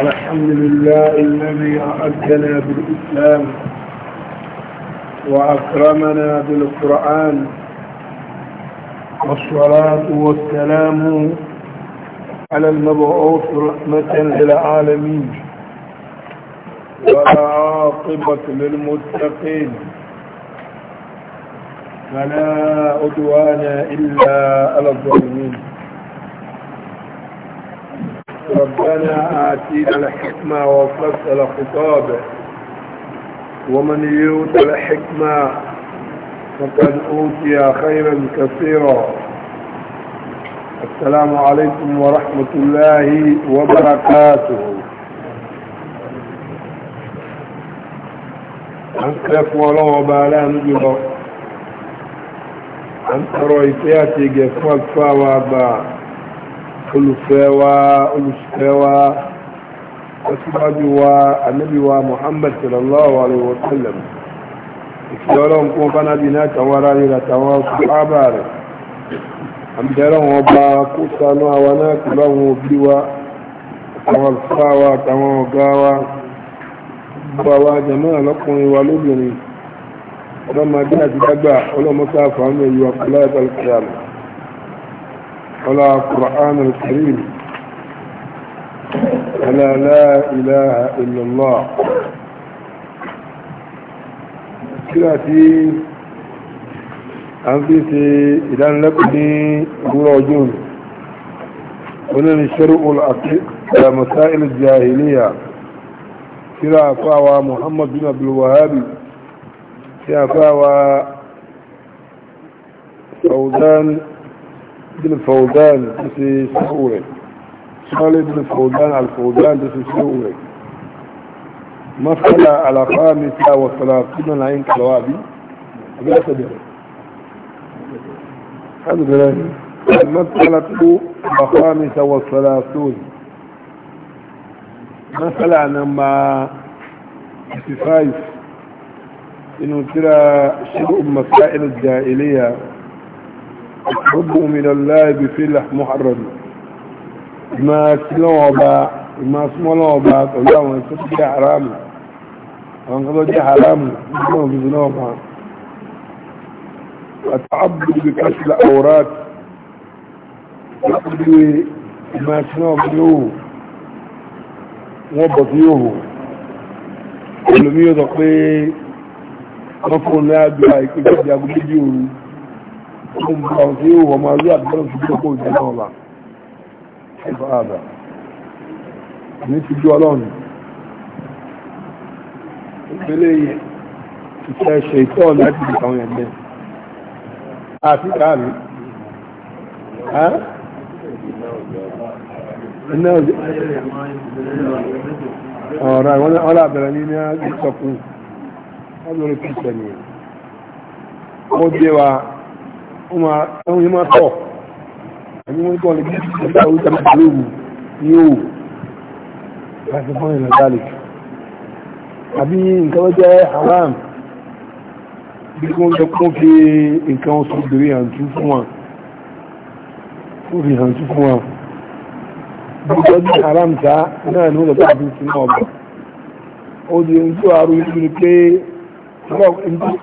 الحمد لله الذي أعدنا بالإسلام وأكرمنا بالقرآن والصلاة والسلام على المبعوث رحمة للعالمين ولا عاقبة للمتقين فلا عدوان إلا على الظالمين ربنا آتينا الحكمة وفصل خطابه ومن يؤت الحكمة فقد أوتي خيرا كثيرا السلام عليكم ورحمة الله وبركاته أنكرف ولو وبالا أنت أنكروا إتياتي قفوك فاوابا olùfẹ́ wa olùsùfẹ́ wa ọsíwájú wa ànábì wa muhammad sallallahu alayhi wa sallam ìfẹ́ ọlọ́run kún fánábì náà tàwọn ará rẹ̀ àtàwọn sábà rẹ̀ àmìdẹ́rọ̀ wọn bá kó sanú àwa náà kò láwọn òbí wa àtàwọn àlùfáà wa àtàwọn ọ̀gá wa gbogbo àwa jẹ̀mọ́ àlọ́kùnrin wa lóbìnrin ọlọ́mọdé àti dágbà ọlọ́mọsáfà ọmọ ìlú àkọlá ìbálòpọ̀ àmì ولا القرآن الكريم ولا لا إله إلا الله كلاتي أنفسي إذا لبني قراجون هنا الشرع الأكيد على مسائل الجاهلية كلا فاوى محمد بن عبد الوهاب كلا فاوى فوزان ابن الفوزان في سعوري صالح بن الفوزان على الفوزان في تسي ما مسألة على خامسة وثلاثين العين كلوابي بلا سبيل هذا ما على خامسة وثلاثون ما الخامسة والثلاثون ما في 55 إنه ترى شيء مسائل الجاهلية ربه من الله بفلح محرم ما سلوا با ما سملوا با ولا ما سبح حرام وان قد جاء حرام ما بزنوا با وتعبد بكسر الأورات ما سنوا بيوه وبطيوه ولم يدق وفقنا دعائك وجد يقول بيوه وما زاد بلو شبكو جنوبا كيف هذا نسي جوالون بلي تتاى الشيطان لا تبقى من الدين آتي تعالي ها انه اه راي وانا ولا بلانين يا جيسكو هذول الكتانين قد يوا àwọn yẹn máa tọ̀ ẹni wọ́n gbọ́n lè gbé ìgbà orí jẹ́ mẹ́ta lóru ní òwò láti fún ìrìn garlic àbí nǹkan wọ́n jẹ́ haram bí wọ́n jẹ́ kún fi nǹkan oṣù obìnrin àǹtú fún wọn fún fi àǹtú fún wọn gbogbo ọdún haram ta náà ni wọ́n lọ tàbí sínú ọgbà ó di ojú àrùn ìlú ni pé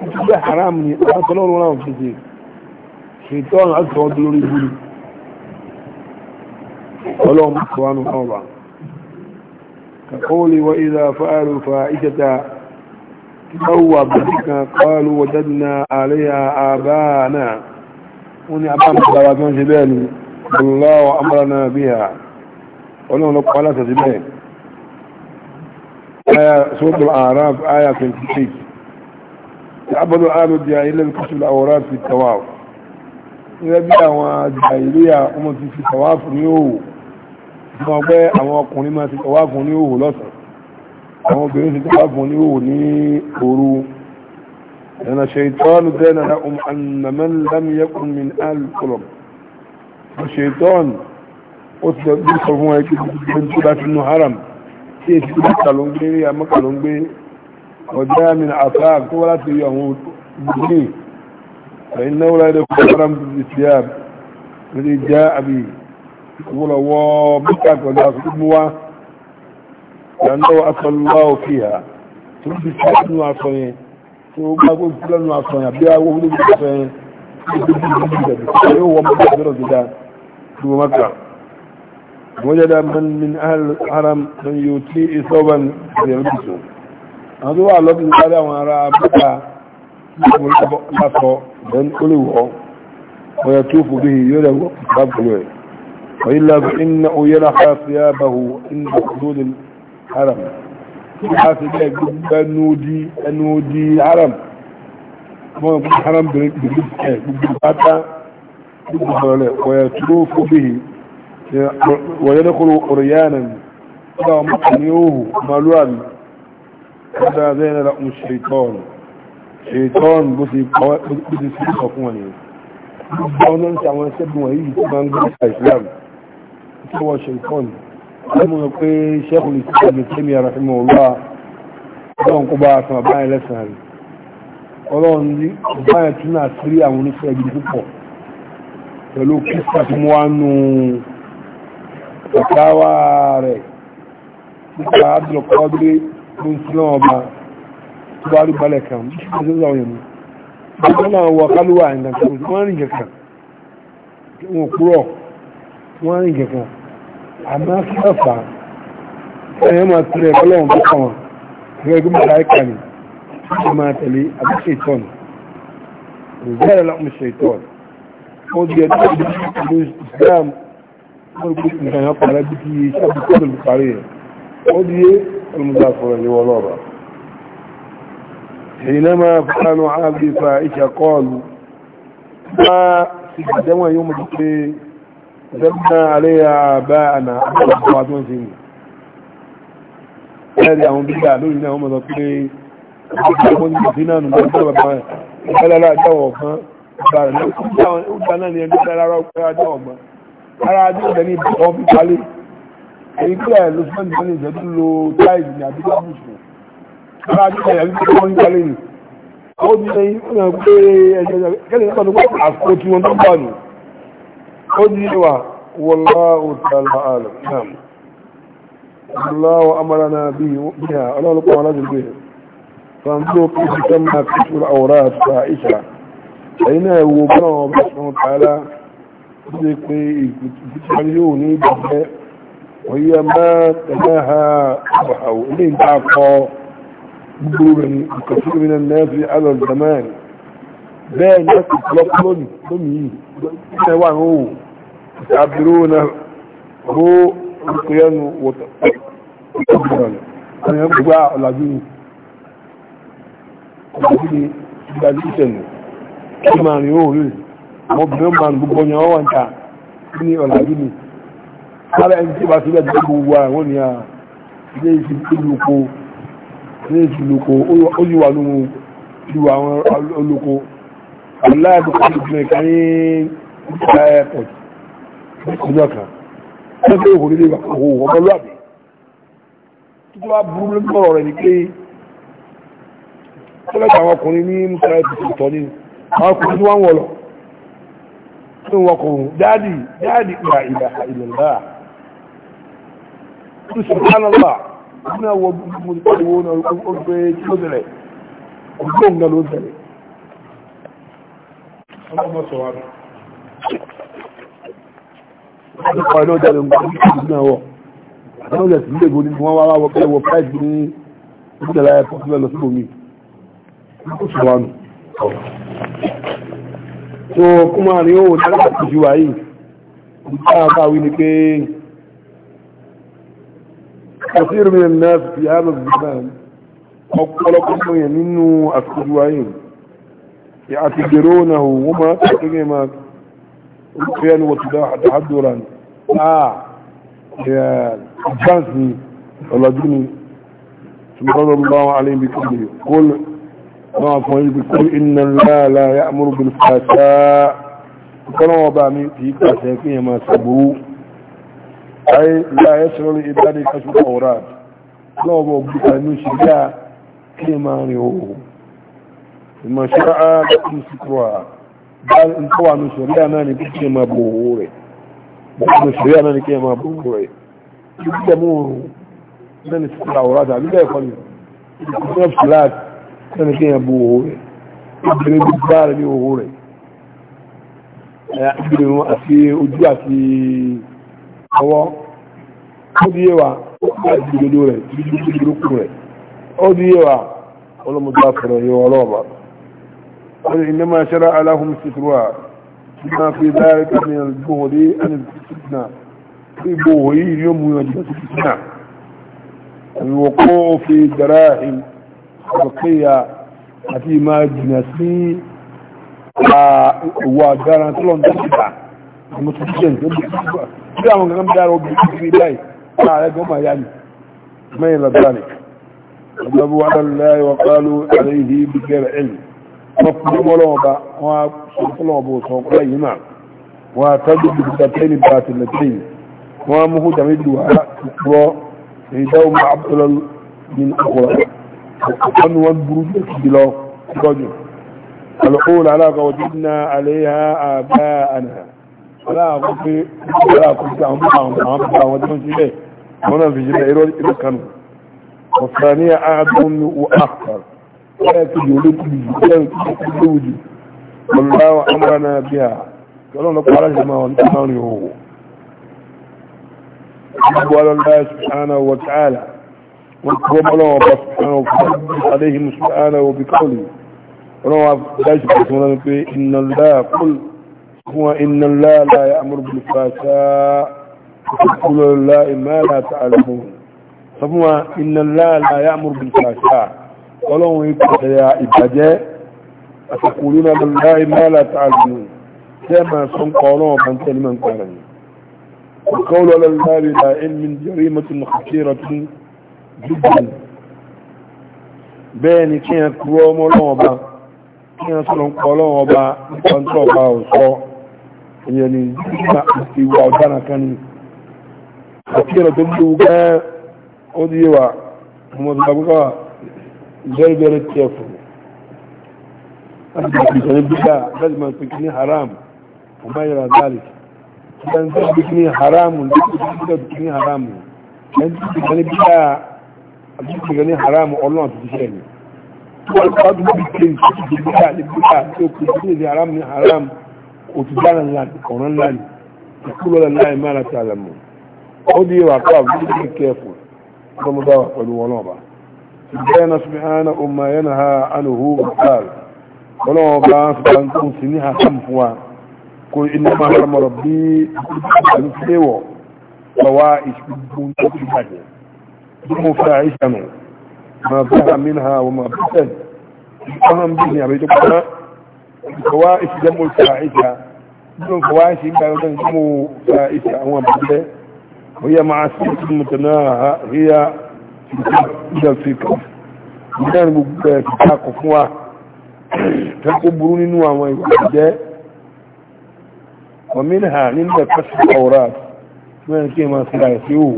ìjọba haram ni àwọn tọ́lọ́run náà fi ṣe شيطان أكثر دوري بولي ولهم أخوان أوضع تقول وإذا فعلوا فائشة تقوى بذكنا قالوا وجدنا عليها آبانا وني أبانا سلاطان جبالي الله وأمرنا بها ولهم نقوالا سبان آية سورة الأعراف آية في الفتيك تعبدوا آل الدعاء إلا بكشف الأوراق في التواف nílẹ̀ bí àwọn àjà ìléyà ọmọ ti fi tọ̀wáfù ní òwò ọmọ ọgbẹ́ àwọn ọkùnrin máa ti tọ̀wáfù ní òwò lọ́sàn àwọn obìnrin ti tọ̀wáfù ní òwò ní òru ẹ̀nà ṣètọ́nù dẹ́nà lahum annaman lam yakun min alkulub ṣètọ́nù ó ti bí sọ fún ẹ kí ọjọ́ àmì àfáà láti àwọn obìnrin فإنه لا يدخل الحرم بالإسلام الذي جاء به يقول الله مكة ولا أصدموا لأنه أصل الله فيها ثم بسحن وعصين ثم أقول فلان وعصين أبيع وهو وعصين هو مكبر الزدان ثم مكة وجد من من أهل الحرم من يطيء ثوبا يلبسه هذا هو الله تعالى وراء مكة يطلقه لأفعه بأن أولي وعن ويطوف به يلو وقصاب جوائي وإلا فإنه يلحى ثيابه عند حدود الحرم يحاس بها جبا نودي نودي الحرم ما يقول الحرم بالرزق بالبطا ويطوف به ويدخل قريانا إذا مقنيوه مالوان هذا زين لأم الشيطان ṣètọ́ọ̀nù bó ti sí ìkọ̀ fún wọn ni ọ̀nà ti àwọn ẹsẹ́bùn wọ̀nyí yìí tó máa ń gbé Islam tó wọ́n ṣètọ́ọ̀nù lẹ́mọ̀ pé sẹ́kùn lè tẹ́lẹ̀ lè tẹ́mi ara fún ọlá ọlọ́run kó bá aṣọ àbáyẹn lẹ́sàn rẹ̀ ọlọ́run ní àbáyẹn tún náà sí rí àwọn oníṣẹ́ ibi púpọ̀ pẹ̀lú kíkà tí mo wá nu ọ̀táwá rẹ̀ nípa Abdul Qadir tó ń sílẹ̀ ọba bá rí balẹ̀ kan bí ṣe ṣe ṣàwọn èèyàn wọ́n náà wọ kálúwà ìgbà tó wọ́n rìn kẹ̀kẹ́ wọn kúrọ̀ wọ́n rìn kẹ̀kẹ́ àmọ́ kẹfà ẹ̀yẹ́ máa tẹ̀lé ọlọ́run tó kàn wọ́n gẹ́gẹ́ bí mọ̀lá ìkà ni wọ́n máa tẹ̀lé àbúṣe ìtọ́n ìbẹ̀rẹ̀ lámùṣe ìtọ́n ó di ẹ̀tọ́ ìlú Islam wọ́n gbé nǹkan yẹn pàrọ̀ bí kí sábà kọ́ọ̀lù parí rẹ̀ ó di ọlọ́mọdé àfọ̀rọ̀ ìwọ ọlọ́ọ̀bà حينما كانوا عابد فائشة قالوا ما سيدنا يوم الجمعة ذبنا عليها آباءنا أبواتون سنين ẹ̀rẹ̀ àwọn bíbá lórí náà mọ́ sọ pé ọgbọ́n ní ìdínà nù lọ́jọ́ bàbá ìfẹ́lára àjọwọ̀ kan bàrẹ̀ lọ́jọ́ náà ni ẹni lára ọgbẹ́ àjọwọ̀ mọ́ ara àjọwọ̀ ní ìbọn fi palẹ̀ èyí pé ẹ̀ lọ́sọ́nì ara nípa ìyàwó tí wọ́n ń jalè ní ó ní ẹ̀yìn ó yàn pé ẹ̀jẹ̀ kẹ́lẹ̀ nípa tó wọ́n àkókò tí wọ́n tó bá nù ó ní wà wallahu ta'ala alam naam wallahu amarana biha ọlọ́run kọ́ wọn láti gbé fàǹdó kí ti kẹ́ máa kí tó àwòrán àti àìsà من كثير من الناس على الزمان باين ناس يطلبون دمي سواء هو يعبرون هو رقيا وتقدرا انا يبقى العظيم العظيم العظيم كما يقول مبنى من بقوني هو انت ابني العظيم قال انت بس بقى تقول وانا ilé ìsìnkú ní èsì olóko ó yí wà lóhun ju àwọn olóko aláàbò kọ́lùkùnrin kan ní ìgbà airport ọjọ́ kan lọ́pẹ́ òkò nílé òkò ọmọlúwàbí tó tó wá burú lọ́pọ̀ rẹ̀ ní pé tọ́lẹ̀kọ̀ àwọn ọkùnrin ní mùsùlùmí airport tọ́ ní àwọn ọkùnrin tó wá ń wọ̀ lọ tó ń wọkọ̀ òun dáàdì dáàdì ìlà ìlà ìlà ìlà nínú àwọn olùpariwo náà ó gbé kí ló tẹ̀lẹ̀ ọgbọ́n nǹkan ló tẹ̀lẹ̀ ọlọ́mọ sọ wa wọ́n kọ́ ilé ọjà lóun kọ́ ìlú náà wọ̀ àtàwọn ọjà sí ilé ìgbò ní wọ́n wá wọ́n pẹ́ wọ price ní ìdílé ayé fún ìlú lọ sí omi ó sọ wa nù so kúmọ̀ ni ó wò ní alákàtúntì wa yìí nígbà báwí ni pé كثير من الناس في هذا الزمان أقلقهم يمنوا أسكدوائهم يعتبرونه وما تقيمات رقيا وتباح تحضرا آه يا جانسي ولا جني سبحان الله عليه بكله قل ما أصمعي بكل إن الله لا يأمر بالفحشاء كانوا وبعمل في كاسيكين ما سبوه أي لا يسر لإبادي كشف الأوراد لو موجود أنه شجاع كما يوه ما شرع لكم سكرها بل انتوا عن شريعنا نبكي ما بوهوري بل شريعنا نبكي ما بوهوري يبدأ موه من سكر الأوراد عبدا يقول يكون نفسلات كان كي يبوهوري يبدأ بالدار يوهوري يبدأ أسي أجي أسي ọwọ́ ó di yẹwà ó kú àti ìdodo rẹ̀ ìdúdúdúdúkú rẹ̀ ó di yẹwà ọlọ́mọdé àfẹ́rẹ́ yọ ọlọ́ọ̀bà ó di ilé máa ṣẹ́ra aláhùn sítúrà nígbà pé dáre kàmí ẹ̀rọ dé ẹni fìtínà pé gbòòwò yìí ni ó mú ìrìnàjò sí fìtínà ìwọ̀kọ́ òfin dára ìbọ̀kẹ́yà àti ìmá jìnà sí owó agbára tó lọ́nà tó ti ta ìmọ̀tòkíṣẹ́ ìjọba bí àwọn gangan dára obìnrin kiri báyìí láàrẹ gọ́mà yá ni mẹ́yìn lọ́dánìk ọgbọ́bù wà lọ́lẹ́ wà pẹ́lú ẹ̀rẹ́ ìhì bí gẹ́rẹ̀ ẹ̀lì wọ́n fún mọ́lọ́ọ̀bá wọ́n sọ́kọ́lọ́ọ̀bọ̀ sọ́kọ́lọ́ yìí náà wọ́n tọ́jú bí dàtẹ́ni bá ti lẹ́tẹ́yìn wọ́n mú aláàkó pé aláàkó pé àwọn bá àwọn bá àwọn tó ń sílẹ̀ wọn náà fi sílẹ̀ irọ́ irọ́ kanu ọ̀sán ní àádọ́n ní wọ́n àkàrà wọ́n yẹ kí yòó lókù yìí wọ́n yẹ kí yòó lókù yìí wọ́n láwọn amúra náà bí a kọ́lọ́ lọ́kọ́ aláṣẹ máa wọn tán rí owó. Gbogbo alọ́lá subhanahu wa ta'ala wọ́n kọ́ mọ́lọ́wọ́ bá subhanahu wa ta'ala alayhi subhanahu wa bi kọ́lì wọ́n wá dájú pẹ̀lú wọn pé inna Allah kúlù هو إن الله لا يأمر بالفحشاء وتقول الله ما لا تعلمون فهو إن الله لا يأمر بالفحشاء ولو يكفي يا إبهجاء أتقولون لله ما لا تعلمون كما سنقولون من كلمة كلمة وقول لله لا علم جريمة خطيرة جدا بين كان كروم ولوبا كان سنقولون وبا كنتوبا وصوت ìyẹn ni ìwà ọ̀daràn kan ni àti ẹ̀rọ tó léwu gẹ́ẹ́ ó di yé wa ọmọ tó gbàgbé wa very very careful láti máa pèsè ní bíkà láti máa pèsè ní haram ọmọ ìyàrá dálì ẹni tó pèsè ní haram ní pèsè ní haram ẹni tó pèsè ní bíkà àti pèsè ní haram ọlọ́run àti pèsè ní. Wọ́n ti wá dúró bí kéwì tó ti di bíkà ní bíkà tó pèsè ní haram ní haram òtúdára ńlá ọ̀ràn ńlá ni ìkúlọ́lá ńlá ìmọ̀ àti àlàmù ó di ìwà kọ́ àbúrò bí kẹfù ọmọdé wa pẹ̀lú wọn náà bá ìgbẹ́ na subhana ọmọ yẹn na ha anuhu bakal wọn náà bá ń sọ pé ń sì ní ha sàm fún wa kò iná máa ń mọ̀rọ̀ bí ìlú fẹ́wọ̀ ọwá ìṣubú tó ti bàjẹ́ bí mo fẹ́ àìsàn nù mà bá ha wọ́n mà bá tẹ̀ ìkọ́hàn bí ni الفوائد جمع الفاعلة من الفوائد جمع فائدة هو بدل وهي مع سيرة متناهى هي إلى الفكر من التاقف هو تقبرون نوع ويوجد ومنها نمت كشف الأوراق ما كما سلايسيوه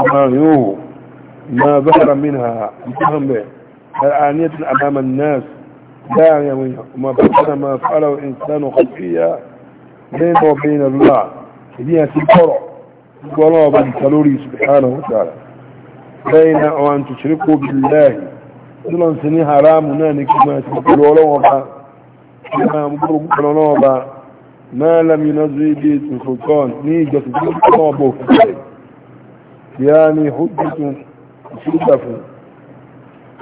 وما يوه ما ظهر منها الفهم به الآنية أمام الناس داعيا وما بين ما فعله الانسان خفية بينه وبين الله هي في القرع والله بالكالوري سبحانه وتعالى بين وأن تشركوا بالله دلون سني حرام نانك ما تقولوا لهم ما مقروا لهم ما لم ينزل به سلطان نيجة الله يعني حجة سلطة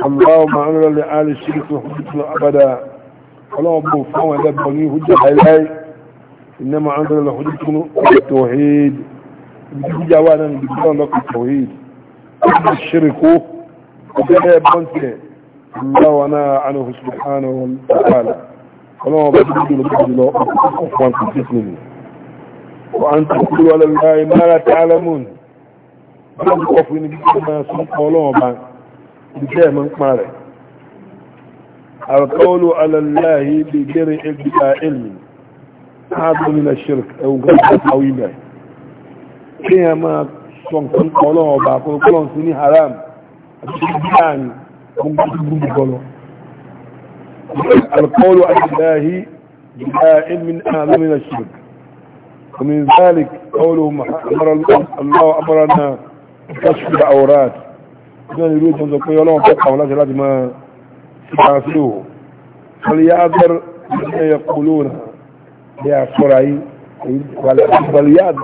اللهم عمر لآل الشرك وحجة أبدا اللهم بوفاو إلى بني حجة حيلاي إنما عمر لحجة التوحيد بحجة وانا نجدون لك التوحيد الشرك وبدأ بنتي الله وانا عنه سبحانه وتعالى اللهم بجد لبجد له أخوان في جسمه وأن تقولوا على الله ما لا تعلمون بلد قفوا نجد ما سنقوا يعني القول على الله بلا علم هذا من الشرك او غلط قويمة كيما سنكون قولون وباقول قولون سني حرام الشبيان هم قولون القول على الله بائل من هذا من الشرك ومن ذلك قوله الله أمرنا بكشف العورات náà ni rúdùn sọ pé ọlọ́run fẹ́ kàwọn láti láti máa síta sílò baliyadar ní ẹ̀yẹ kúlóòrà ní àfúra yìí baliyadar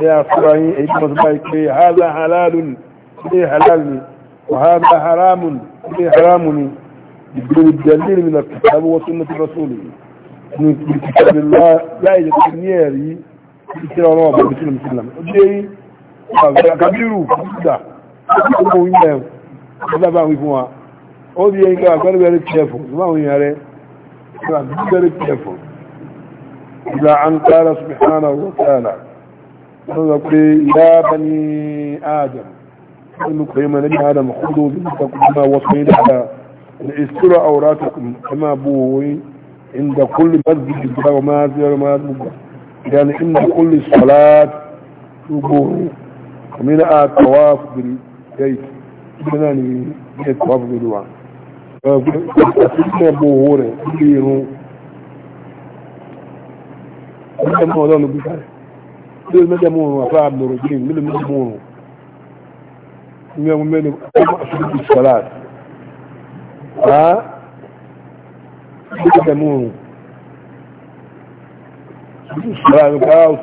ní àfúra yìí èyí tó sọ báyìí pé hàlá halálùn ní halal ni wàhálà haramun ní haramun ni ìgbèrè dalil mi na kìtàbí wasu na rasuli ní kìtàbí láì jẹ́ ọmọ òun yẹn ọlọ́bà wí fún wa ó di ẹni ká àgbẹ̀rẹ̀ very careful ìgbà òun yẹn rẹ̀ very careful ìgbà an kára subhanahu wa ta'ala wọ́n sọ pé ya bani adam wọ́n kò yẹ mẹ́rin adam kúrò bí mo sọ kuma wasu ní dáadáa da iskura aurata kama buwoyi inda kullum masjid ba wa maziyar maziyar ba yani inda kullum salat buwoyi kamar a tawaf bil gẹ́yì ibi náà ni ilé ẹ̀kọ́ wà fún wa àti ilé ẹ̀bọ̀ owó rẹ̀ ilé irun ilé ẹ̀mọ́ ọlọ́run gbígbà rẹ̀ ilé mẹ́jẹ̀ mú oòrùn àfáà mọ̀rọ̀ gbìn mílò mẹ́jẹ̀ mú oòrùn ilé ẹ̀mọ́ mẹ́ni ọmọ àfihàn sọ́lá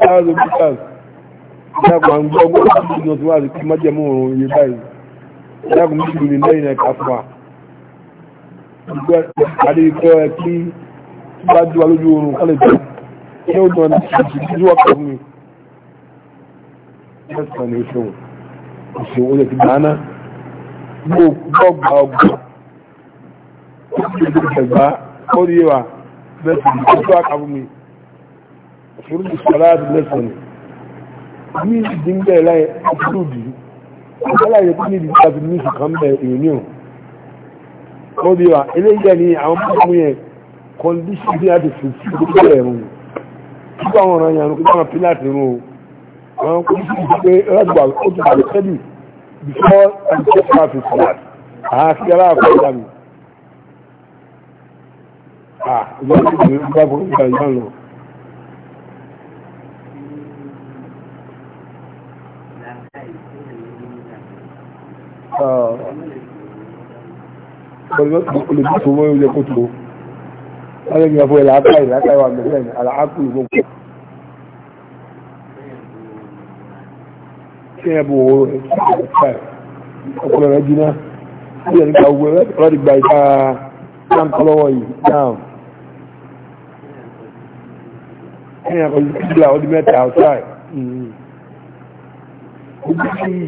à ilé dákun àwọn ọgbọ́n tó ti lọ síwájú kí má jẹmú òun iye báyìí dákun ní ìlú ní lẹ́yìn ẹ̀ka fún wa àdéhùkọ ẹ kí tí bá jù wá lójú oorun kálẹ̀ jù ní ó dùn àti ìjú wà kọ̀ fún mi mẹ́sàn-án ni oṣù oṣù oṣù ti dáná gbọ́ gbà ọgbà ó ti lè gbẹ̀gbá ó rí wa mẹ́sàn-án ní ìdíńgbẹ̀ láì àbúrúdì aláyé tó níbi ìgbàbí ní ṣùkan bẹ̀ ìrìnìyàn ó bí wà eléyìí ni àwọn mọ́mú yẹn kọndíṣì bí a ti fi sí gbogbo ẹ̀rùn nígbà wọn ràn yàn kí wọn pínlátì rún o àwọn kọndíṣì ti pé rẹ́gbà ó ti bàlẹ̀ before and after that àti aláàfẹ́ ìlànà ah ìgbà tó ti bàlẹ̀ ìgbà lọ olùdókòwò mọ́ ìwé kòtò wọ́n lè gbàgbọ́ ìlàákà ìlàákà ìwà mẹ́rin àlàákù ìgbókò kí ẹ bò ó ọkùnrin rẹ̀ jiná sí ẹ̀ nípa ogun ẹ̀rọ ti gba ìta táǹkọ́lọ́wọ́ yìí náà kí ẹ kọjú kíbla ọdún mẹ́ta outside gbogbo yìí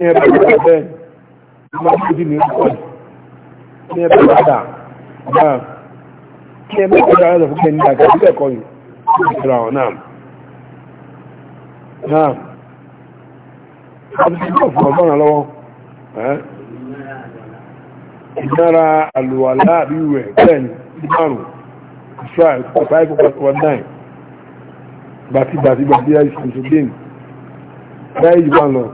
ní ẹbí ìgbà bẹ́ẹ̀ ni máa ń dín ní ọkọ̀ ní ẹbí ìgbà náà kí ẹ mẹ́ta dára lọ fún kẹ́ni àti àbílẹ̀ ẹ̀kọ́ yìí ní ìṣẹ́ra ọ̀ náà náà àti ìgbà fún ọgbọ́n lọ́wọ́ ìdára àlùwàlá àbí rẹ̀ bẹ́ẹ̀ ni márùn-ún ìṣúra ẹ̀kọ́ 5.9 bàtí bàtí bàtí àìsàn tó gbé ní láì ìwà náà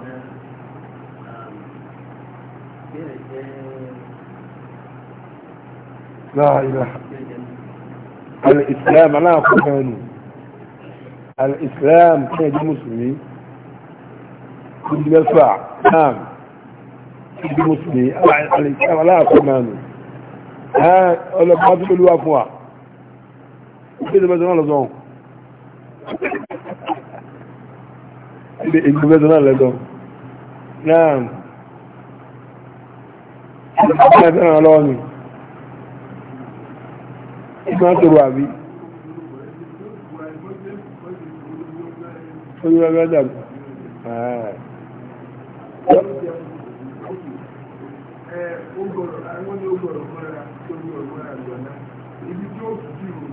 لا إله الإسلام لا أخواني الإسلام كيد مسلمي كيد يرفع نعم كيد مسلمي الإسلام لا أخواني ها أولا ما تقول له أفوا كيد بدنا لزوم كيد بدنا لزوم نعم كيد بدنا لزوم máa tọrọ àbí oyún ọgbẹ́ dàbí ah. Ibi tí ó fi jù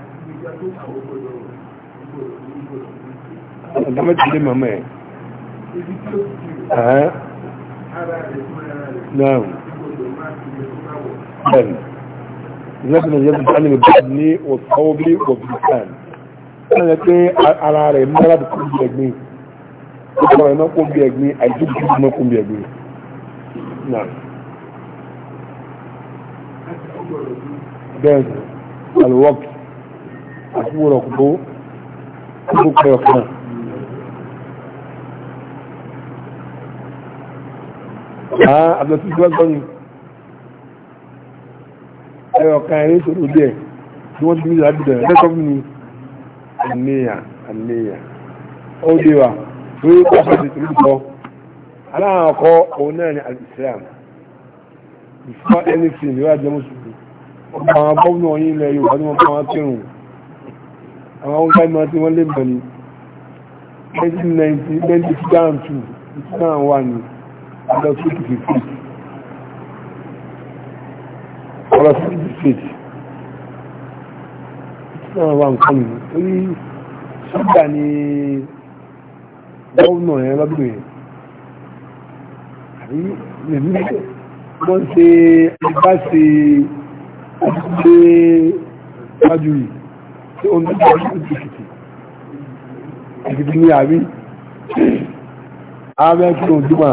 àti ìgbà tó àwọn ọgbọ̀dọ̀ ọ̀dọ́mọ ti lé màmá ẹ̀. Ah. Ara rẹ̀ fún ara rẹ̀. Náà. Bẹ́ẹ̀ni lẹ́bìnà yẹn ti dání lóbi ní ọ̀sán bí ọ̀bìkan wọ́n yẹ pé ara rẹ̀ ń dára bí kò bí ẹ̀gbìn ó kọ́ ẹ̀ náà kò bí ẹ̀gbìn àìsí bí kò kò bí ẹ̀gbìn náà. bẹ́ẹ̀ ni alwọ́k àti wúrọ̀ kúkú kúkú kẹyọ̀ kan. ah àbẹ̀tí gbọ́dọ̀ ni ẹyọ kan ẹ̀rí ìṣòro díẹ̀ tí wọ́n ti ní ìdájọ́ lẹ́kọ̀ọ́ mi ni àníyàn àníyàn ó dé wa lórí pàṣẹ ti tìlú kọ aláwọn ọkọ òun náà ni alìsílám before anything yóò jẹ́ mùsùlùmí àwọn gómìnà yìí ilẹ̀ Yorùbá ni wọ́n bá wọn kírun àwọn ọgbà ìmọ̀ tí wọ́n lè mọ̀ ní 1990 1992 1991 ni adọ́sí kìkìkì ọ̀rọ̀ fèsì náà wà nǹkan mi torí ṣúgbà ni gómìnà yẹn lọ́dún yẹn àbí lèmi wọ́n ṣe ẹgbá ṣe ṣe wájú yìí tí ó ń bí wọ́n ṣe tìkìtì ìdìbò ní àbí ààrẹ kí ló dùn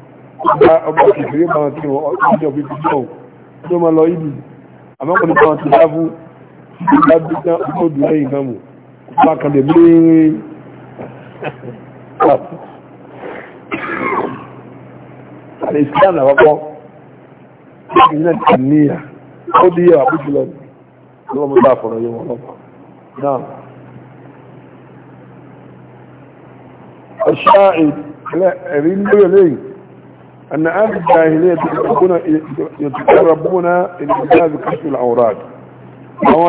ọba ọba kìkìrí máa tí wọ́n ọjọ́ bí bí náà tó máa lọ ìlú àmọ́kọ̀ ní máa ti dáfú ìgbà bí ná ọjọ́ òdù lẹ́yìn kan mù bá kan lè mérè àlè ìsìlẹ̀ àlàkọ́kọ́ ìgbìyànjú náà ti níyà ó di yẹ àbújú ọ̀ṣá ẹ̀rí lórí lẹ́yìn أن أهل الجاهلية يتقربون إلى كتاب كشف العورات هو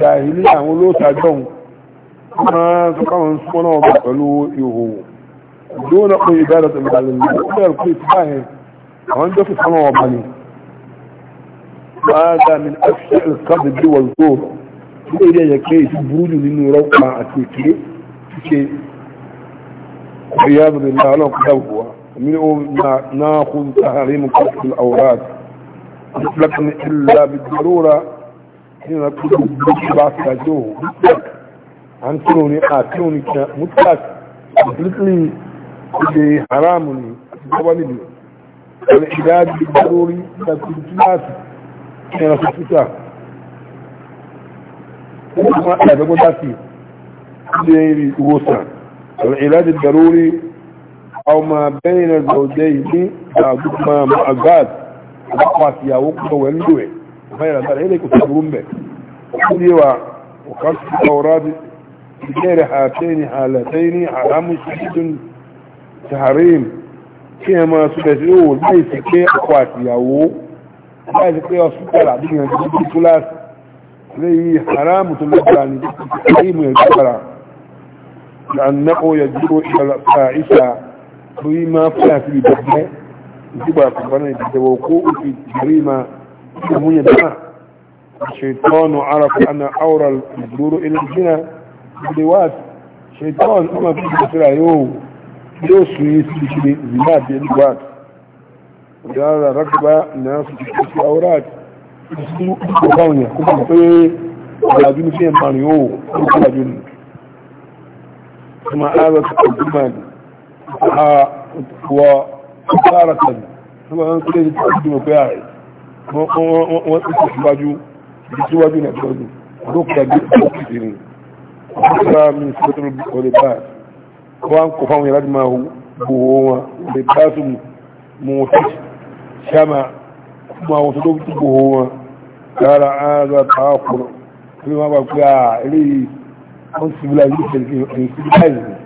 جاهلية ولو تجون ما تقام سقنا وبطلوا يهو دون قوي إبادة الغالين ولا القوي تباهم وعنده في سنة وبني هذا من أفشاء القبض والزور إليه يكي سبروج لأنه روقع أتيكي تكي عياذ بالله لو كتاب منهم ناخذ تهريم كشف الأوراد مطلقا إلا بالضرورة حين نقول بعض تجوه مطلق عن كلوني آه كلوني مطلق completely كده حرام أتبعني بي والعلاج بالضروري تكتلات حين نقول كما أعتقد أتي كده يوسع العلاج الضروري أو ما بين الزوجين بعضهما مع بعض أبقى سياوك ويندوي غير ذلك إليك تبرون به وقليوا وقلت الأوراد غير هاتين حالتين حرام شديد تحريم كما سلسلوا ليس كي أقوى سياوك ليس كي أصبح العديد من الثلاث ليه حرام تلقى تحريم يجبرا لأنه يجب إلى الفائسة torí máa fẹ́ àti ìdàgbẹ́ ìdígbà àkùnkàn náà ìdàgbẹ́wò kó òfin ìdàrí máa ìmúyẹ̀ dáa ṣètọ́nù arafu ana aura ìgboro ilẹ̀jìnà ìdíwàt ṣètọ́nù ọmọ bí ìgbàsíra yóò yóò sùn yí sí ìṣe ìzìlá àti ìdíwàt ìdára rákàbá náà sì ti ṣe aura ìṣú ìgbàwọ̀n yà وإشارة ثم أنت ليه تقدم بيعي وإستحباجه بسواجه نفسه ركع بكثيرين وحسرى من ستر ولباس وأن كفاهم يرجمه بهو لباس موتش شمع ما وصدوك بهو قال هذا تأخر فيما بقى إليه أنسب لا يسلك أنسب لا يسلك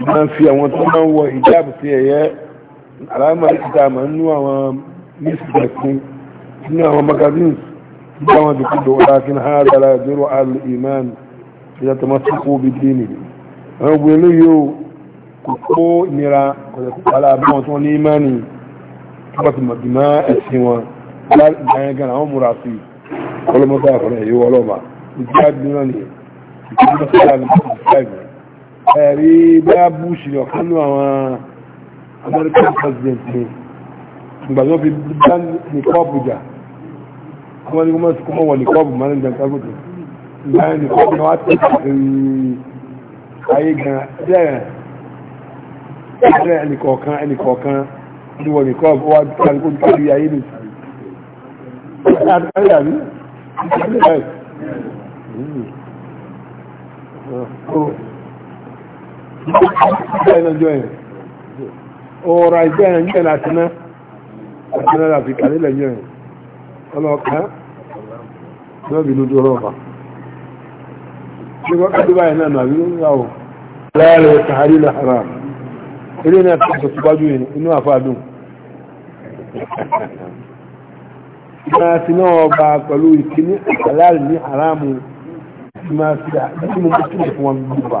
máa fi àwọn tó máa ń wọ ìjáàbù sí ẹ̀yẹ́ aláàmà ìta máa nú àwọn mísìlẹ̀kún nínú àwọn magazines tí àwọn dùkúdò ọ̀dákin hádàrà zero al iman ìjà tó máa sọ́kò bí dínì àwọn ògbé eléyìí ó kò kó nira kọ̀dẹ̀ kò pàlà àbáwọn tó ní imani tó bá ti mọ̀dìmá ẹ̀sìn wọn láàrín àwọn múra sí ọlọ́mọdé àfọ̀rẹ́ yìí wọ́lọ́mà ìjáàbù ẹ̀rí bá bush lọ kánú àwọn american president ni ìgbàjọ́ fi dá ní kọ́ọ̀bù jà wọ́n ní wọ́n kọ́ wọ̀ ní kọ́ọ̀bù mọ́rin jẹ́ ọ̀rọ̀ àìsẹ́ ẹ̀yàn jẹ́ láti ná àti náà àfi kàrílẹ̀ yẹn ọlọ́ọ̀ká náà bí lójú ọlọ́ọ̀bá ṣe kọ́kọ́ tó báyìí náà nàbí lóyàwó láàrẹ̀ tààrí lára ilé náà tó sọ síwájú inú àfáàdùn máa ti náà ọba pẹ̀lú ìkíní àláàrí ní àrámù ti máa ti àti mú mú kí fún wọn gbogbo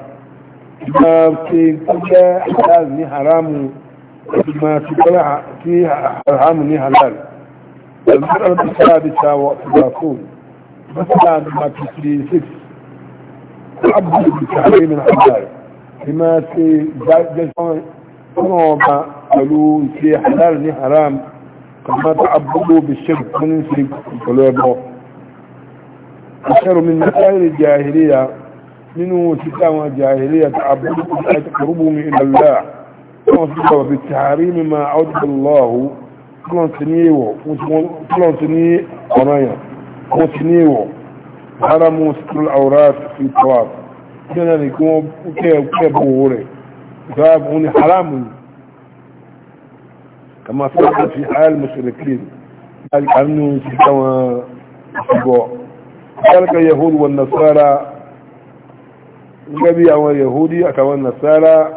máa fi tó jẹ́ halal ní haramu máa fi tọ́lá sí haramu ní halal المرأة السادسة والثلاثون مثلا ما في سكس العبد بالتعليم الحلال لما في جزمان كنوما قالوا في حلال ني حرام كما تعبدوا بالشرك من سيك الشر من مسائل الجاهلية منه كتاب جاهلية عبدكم لا تقربهم إلى الله وفقه بالتحريم ما عدد الله كلانتنيو كلانتني قرايا كلانتنيو حرموا ستر الأورات في الطواف كنا نكون كيبوري كتاب هوني حرام كما فعل في حال المشركين ذلك أنه كتاب قال اليهود والنصارى النبي أو يهودي أو النصارى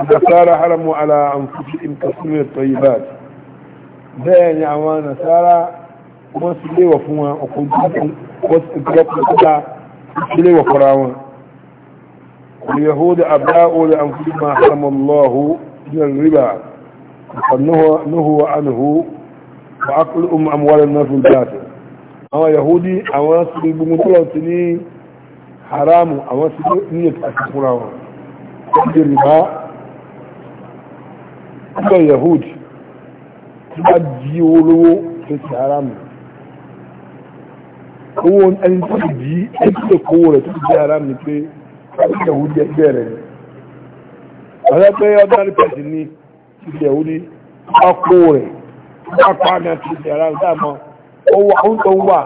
النصارى حرموا على أنفسهم كثير الطيبات بين أو النصارى وسلي وفوا وكنت وسلي وسلي وفراوا اليهود أبناء لأنفسهم ما حرم الله من الربا فنهوا عنه وأكل أم أموال الناس الباطل أو يهودي أو سلي بمطلع سنين haramu àwọn tí ó ní ètò àti fúnra wọn ọdí rìbá ọdọ yahood tí bá jí owó lówó tó ti haramu owó ẹni tó ti jí ẹni tó kówó rẹ̀ tó ti jí haramu ni pé ọdí yahood yẹ bẹ̀rẹ̀ ni ọ̀rẹ́ pé ọdún àti pẹ̀sì ni ti yahood bá kówó rẹ̀ bá pàánà tó ti haramu dáàmọ́ owó àwọn tó ń wà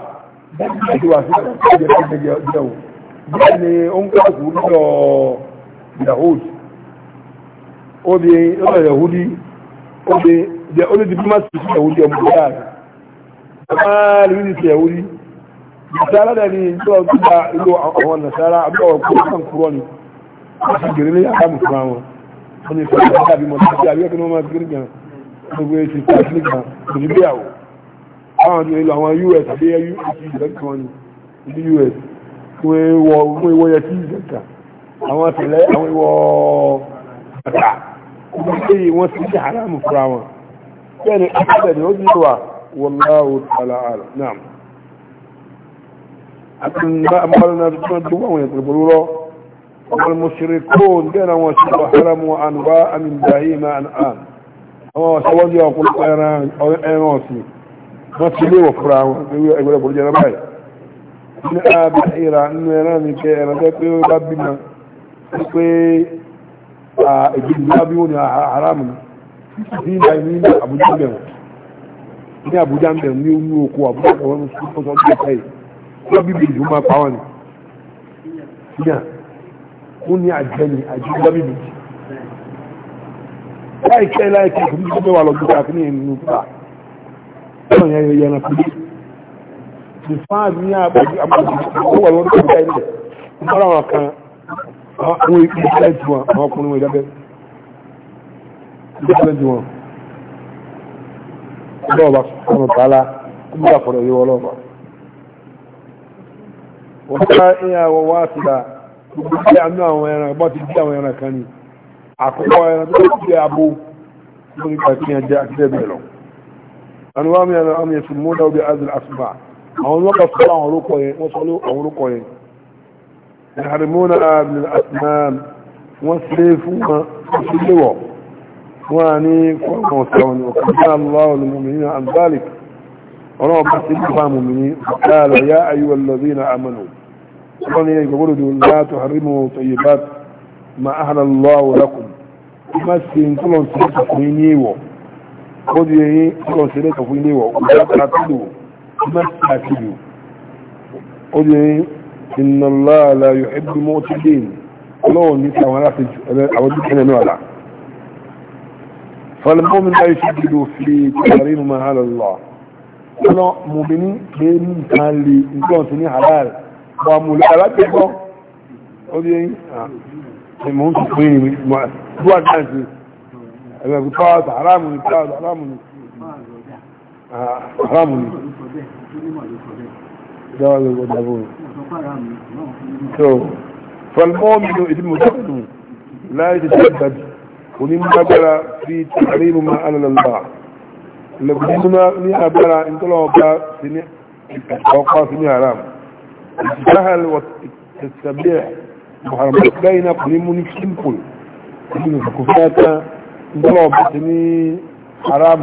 bẹ́ẹ̀ ni wà sí ọjọ́ ìjẹun bẹ́ẹ̀ ni ó ń kọ́kù lọ́dọ̀ yahud ó di lọ́dọ̀ yahudi ó di ó di diplomasi sí yahudi ọmọ ìyá rẹ̀ ọmọ lórí ti yahudi nasara da ni tó ń gba ìlú àwọn nasara àbí àwọn kúrò kan kúrò ni wọ́n ti gèrè ní yàrá mùsùlùmí wọn wọ́n ni fẹ́ ìgbà bí mọ̀tò sí àbí ẹ̀kọ́ máa gírí gan a ti gan wọ́n ìwọ yẹ tí ìjọta àwọn àtìlẹ́ àwọn ìwọ ọ̀tà ìgbésẹ̀ wọ́n sì ṣe haramu fúra wọn bẹ́ẹ̀ ni akẹ́bẹ̀ ni ó ti wà wallahu ta'ala a'lam náà àti àmàlùmá tó tún dúró àwọn ìpè pẹ̀lú lọ àwọn mushrikun bẹ́ẹ̀ náà wọ́n ṣe wà haramu ànúbá àmì ìdáyé máa àná àwọn ọ̀ṣọ́wọ́dí ọkùnrin ẹran ọ̀sìn wọ́n ti léwọ̀ fúra wọn ẹgbẹ̀rẹ̀ pẹ̀lú jẹ́ ní ààbí ìrà nínú ẹran ní orí oko àbújá bẹ̀rù ní sọ́tọ́ tó kẹ́ bíbí máa ó ní láìkẹ́ láìkẹ́ wà lọ́gbọ́n àti ní the fans ní àbájú àbájú àwọn olùkọ́ ilẹ̀ ìfọ́ra wọn kan àwọn ìpínlẹ̀ tí wọn àwọn ọkùnrin wọn ìdábẹ́ ìpínlẹ̀ tí wọn lọ́ọ̀bà ọmọ tààlà kúmù àfọ̀rọ̀ yíwọ lọ́ọ̀bà wọ́n ká ìyá wọ wá síta gbogbo sí àánú àwọn ẹran bọ́ ti dí àwọn àkọ́kọ́ ẹran tó ti abo lórí pàtíyàn jẹ́ àti bẹ́ẹ̀ lọ àwọn ọmọ ẹran ọmọ ẹ̀sùn mọ́dá obì azul asùnmáà أقول لك أفضل أن أروقه يحرمون أبن الأسمام وصيفوها وصلوا واني كنت مستوني وكذل الله للمؤمنين عن ذلك ونوع بسيطة المؤمنين فقال يا أيها الذين أمنوا وقال إليك قولوا لا تحرموا طيبات ما أهل الله لكم ما سينتلون سيطة فينيوا قد يهي سينتلون سيطة فينيوا مساكين قل إن الله لا يحب المعتدين قلون نسا ولا أودك أنا نوعلا فالمؤمن لا يشدد في تحريم ما على الله قلوا مؤمنين كين كان لي إنكم سني حلال وملالات يقول قل إيه المهم تقويني دوا كان سي أنا قلت حرام ونقاط حرام ونقاط haram ni dáwà ló gbọdọ̀ bó so from all you know it is mujahidu láyé ti tẹ́lẹ̀ onímọ̀lágbára fi tààrí mu máa alàlọ́lá lẹ́gbẹ̀ẹ́gbẹ́ ní agbára ìtọ́lọ́ọ̀bá sí ní ọkọ̀ sí ní haram الجهل والتسبيح محرمات بين قليمون سيمبل من الكفاتة انطلعوا بسني حرام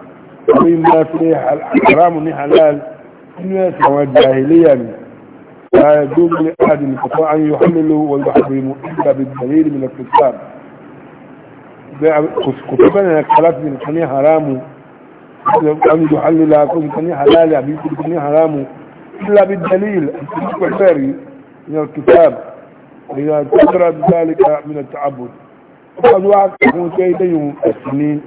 وإما فيه حرام حلال الناس هو الجاهلية لا يجوز لأحد المقطوع يحمله يحلله ويحرمه إلا بالدليل من الكتاب كتبنا الكلام من كني حرام أن يحلل كني حلال أبي كني حرام إلا بالدليل الكفاري من الكتاب إذا تقرأ ذلك من التعبد قد وعد تكون شيئين السنين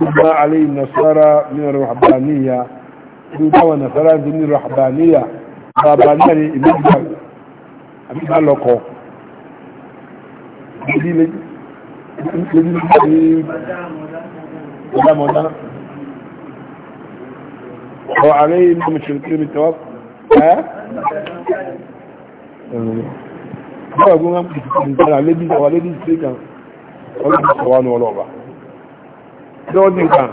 ما عليه النصارى من الرحبانية يدعو النصارى من الرحبانية رابانية إبنجل أبيها لكو لدي لدي وعليه من المشركين بالتواب ها؟ Ọgbọ́n ọgbọ́n ọgbọ́n ìpínlẹ̀ àlébí ìwà lébí ìsìnkà ọlọ́pàá wà ní ọlọ́pàá. نعم ní nǹkan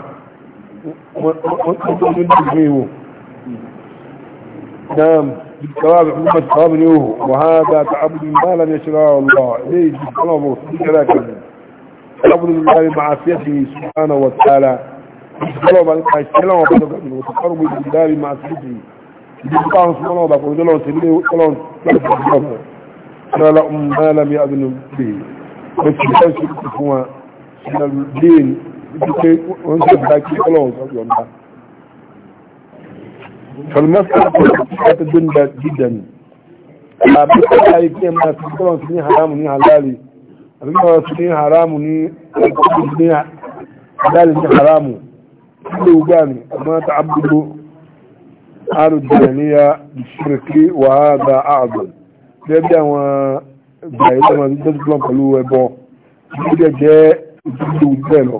wọ́n tó ìgbé ìwò náà بالثواب عموما الثواب له وهذا تعبد ما لم يشرعه الله ليس الثواب وفيه لكن تعبد الله معصيته سبحانه وتعالى الثواب عليك السلام وبركاته وتقرب بالله معصيته بالله سبحانه وتعالى وقال له سبيله وقال له ما لم يأذن به وكذلك هو من الدين wípé wọ́n sì gba kí ọlọ́run tó yọ̀ ńlá. Fọlùmọ́sí àti gbẹ̀ndà dídà ni. Àbí ọ̀la yìí kí ẹ máa fi ọlọ́run sí ní haramu ní halali. Àbí ọlọ́run sí ní haramu ní halali ní haramu. Ilé ìgbà ni, àmọ́ ta abúgbó. Àrùn jẹ̀níyà wàhálà àgbọ̀n. Bẹ́ẹ̀ àwọn ìgbà yìí lọ́mọdé tó ti gbọ́n pẹ̀lú ìgbẹ́ lọ.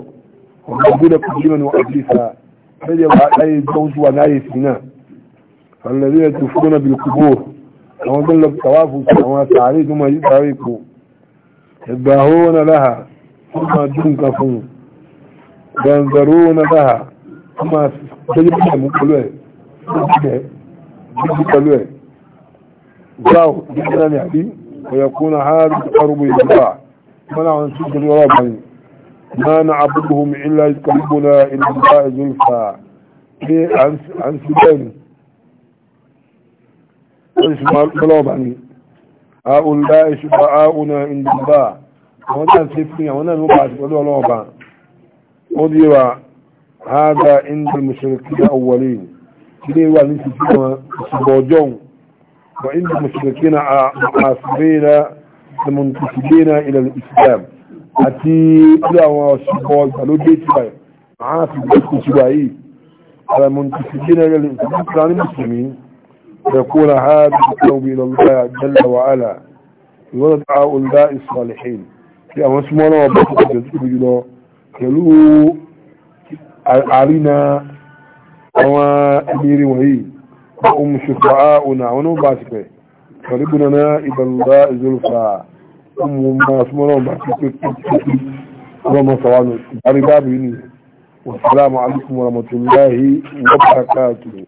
ومعبودكم لمن وأبليسا فإذا وعلي الزوج وعلي سينا فالذين تفضون بالقبور وظل الطواف والسماوات عليكم ويدعوكم يدعون لها ثم تنكفون وينذرون لها ثم تجبهم قلوه تجبهم قلوه جاو جدا يعني ويكون هذا القرب إلى الله منع أن تجد ربنا ما نعبدهم إلا يقربنا إلى الله زلفى عن سبيل هؤلاء شفعاؤنا عند الله وانا سفني وانا نبعث ولو لوبا قدر هذا عند المشركين الأولين ليه ونسفنا سبوجون وعند المشركين معاصرين المنتسبين إلى الإسلام àti ilé àwọn ọ̀ṣùgbọ́ ìgbàlódé ti wáyé àwọn àfìgbẹ́kù ti wáyé alamọ̀ntì sí general ìsìnkúrání mùsùlùmí يكون هذا التوب إلى الله جل وعلا يوضع أولاء الصالحين في أمان سمونا وبسط جزء جلو كلو علينا أما أمير وهي وأم شفعاؤنا ونباسك قربنا إلى الله زلفا ọmọ máa súnmọ́ náà máa fi pé pípí ọlọ́mọ sàwánù ìbárí báàbù yìí nìyẹn wàsálàmù alaikum warahmatullahi wabarakatuh